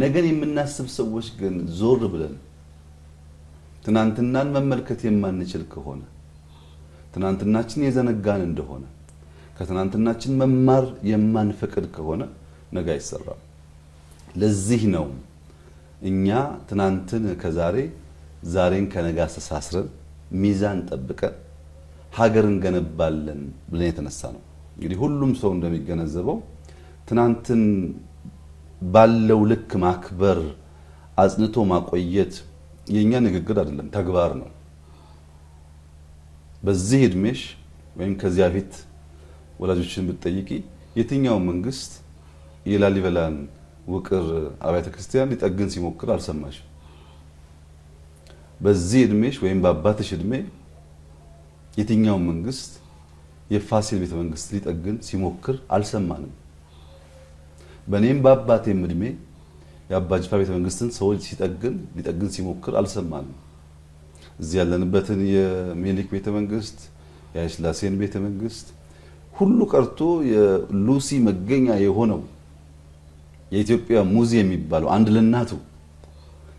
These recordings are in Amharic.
ነገን የምናስብ ሰዎች ግን ዞር ብለን ትናንትናን መመልከት የማንችል ከሆነ ትናንትናችን የዘነጋን እንደሆነ ከትናንትናችን መማር የማንፈቅድ ከሆነ ነገ አይሰራም። ለዚህ ነው እኛ ትናንትን ከዛሬ ዛሬን ከነገ አስተሳስረን ሚዛን ጠብቀን ሀገር እንገነባለን ብለን የተነሳ ነው። እንግዲህ ሁሉም ሰው እንደሚገነዘበው ትናንትን ባለው ልክ ማክበር አጽንቶ ማቆየት የእኛ ንግግር አይደለም፣ ተግባር ነው። በዚህ እድሜሽ ወይም ከዚያ ፊት ወላጆችን ብትጠይቂ የትኛው መንግስት የላሊበላን ውቅር አብያተ ክርስቲያን ሊጠግን ሲሞክር አልሰማሽም? በዚህ እድሜሽ ወይም በአባትሽ እድሜ የትኛው መንግስት የፋሲል ቤተ መንግስት ሊጠግን ሲሞክር አልሰማንም። በእኔም በአባቴም እድሜ የአባ ጅፋር ቤተ መንግስትን ሰዎች ሲጠግን ሊጠግን ሲሞክር አልሰማንም። እዚህ ያለንበትን የሚኒሊክ ቤተ መንግስት፣ የኃይለሥላሴን ቤተ መንግስት ሁሉ ቀርቶ የሉሲ መገኛ የሆነው የኢትዮጵያ ሙዚየም የሚባለው አንድ ለእናቱ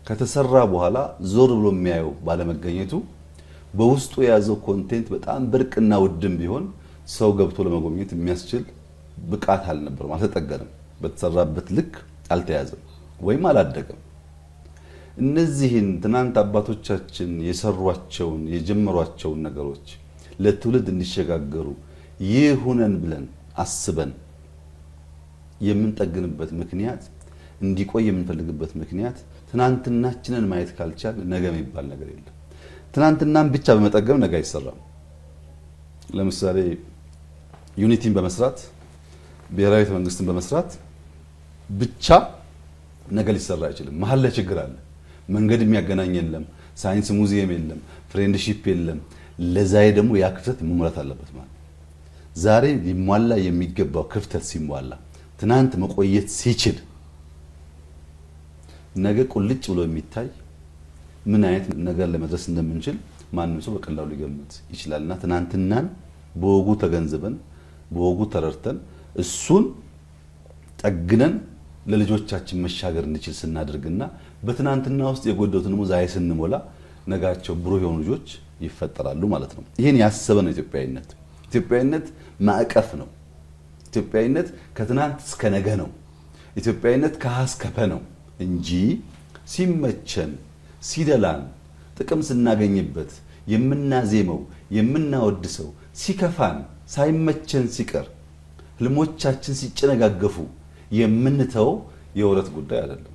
ከተሰራ በኋላ ዞር ብሎ የሚያየው ባለመገኘቱ በውስጡ የያዘው ኮንቴንት በጣም ብርቅና ውድም ቢሆን ሰው ገብቶ ለመጎብኘት የሚያስችል ብቃት አልነበረም፣ አልተጠገንም። በተሰራበት ልክ አልተያዘም ወይም አላደገም። እነዚህን ትናንት አባቶቻችን የሰሯቸውን የጀመሯቸውን ነገሮች ለትውልድ እንዲሸጋገሩ ይሁነን ብለን አስበን የምንጠግንበት ምክንያት እንዲቆይ የምንፈልግበት ምክንያት ትናንትናችንን ማየት ካልቻል ነገ የሚባል ነገር የለም። ትናንትናን ብቻ በመጠገም ነገ አይሰራም። ለምሳሌ ዩኒቲን በመስራት ብሔራዊ ቤተ መንግስትን በመስራት ብቻ ነገ ሊሰራ አይችልም። መሀል ላይ ችግር አለ። መንገድ የሚያገናኝ የለም፣ ሳይንስ ሙዚየም የለም፣ ፍሬንድሺፕ የለም። ለዛ ደግሞ ያ ክፍተት መሙላት አለበት ማለት ዛሬ ሊሟላ የሚገባው ክፍተት ሲሟላ ትናንት መቆየት ሲችል ነገ ቁልጭ ብሎ የሚታይ ምን አይነት ነገር ለመድረስ እንደምንችል ማንም ሰው በቀላሉ ሊገምት ይችላልና ትናንትናን በወጉ ተገንዝበን በወጉ ተረድተን እሱን ጠግነን ለልጆቻችን መሻገር እንችል ስናደርግና በትናንትና ውስጥ የጎደሉትን ደግሞ ዛሬ ስንሞላ ነጋቸው ብሩህ የሆኑ ልጆች ይፈጠራሉ ማለት ነው። ይህን ያሰበ ነው ኢትዮጵያዊነት። ኢትዮጵያዊነት ማዕቀፍ ነው። ኢትዮጵያዊነት ከትናንት እስከ ነገ ነው። ኢትዮጵያዊነት ከሀ እስከ ነው እንጂ ሲመቸን ሲደላን ጥቅም ስናገኝበት የምናዜመው የምናወድሰው ሲከፋን ሳይመቸን ሲቀር ህልሞቻችን ሲጨነጋገፉ የምንተው የውረት ጉዳይ አይደለም።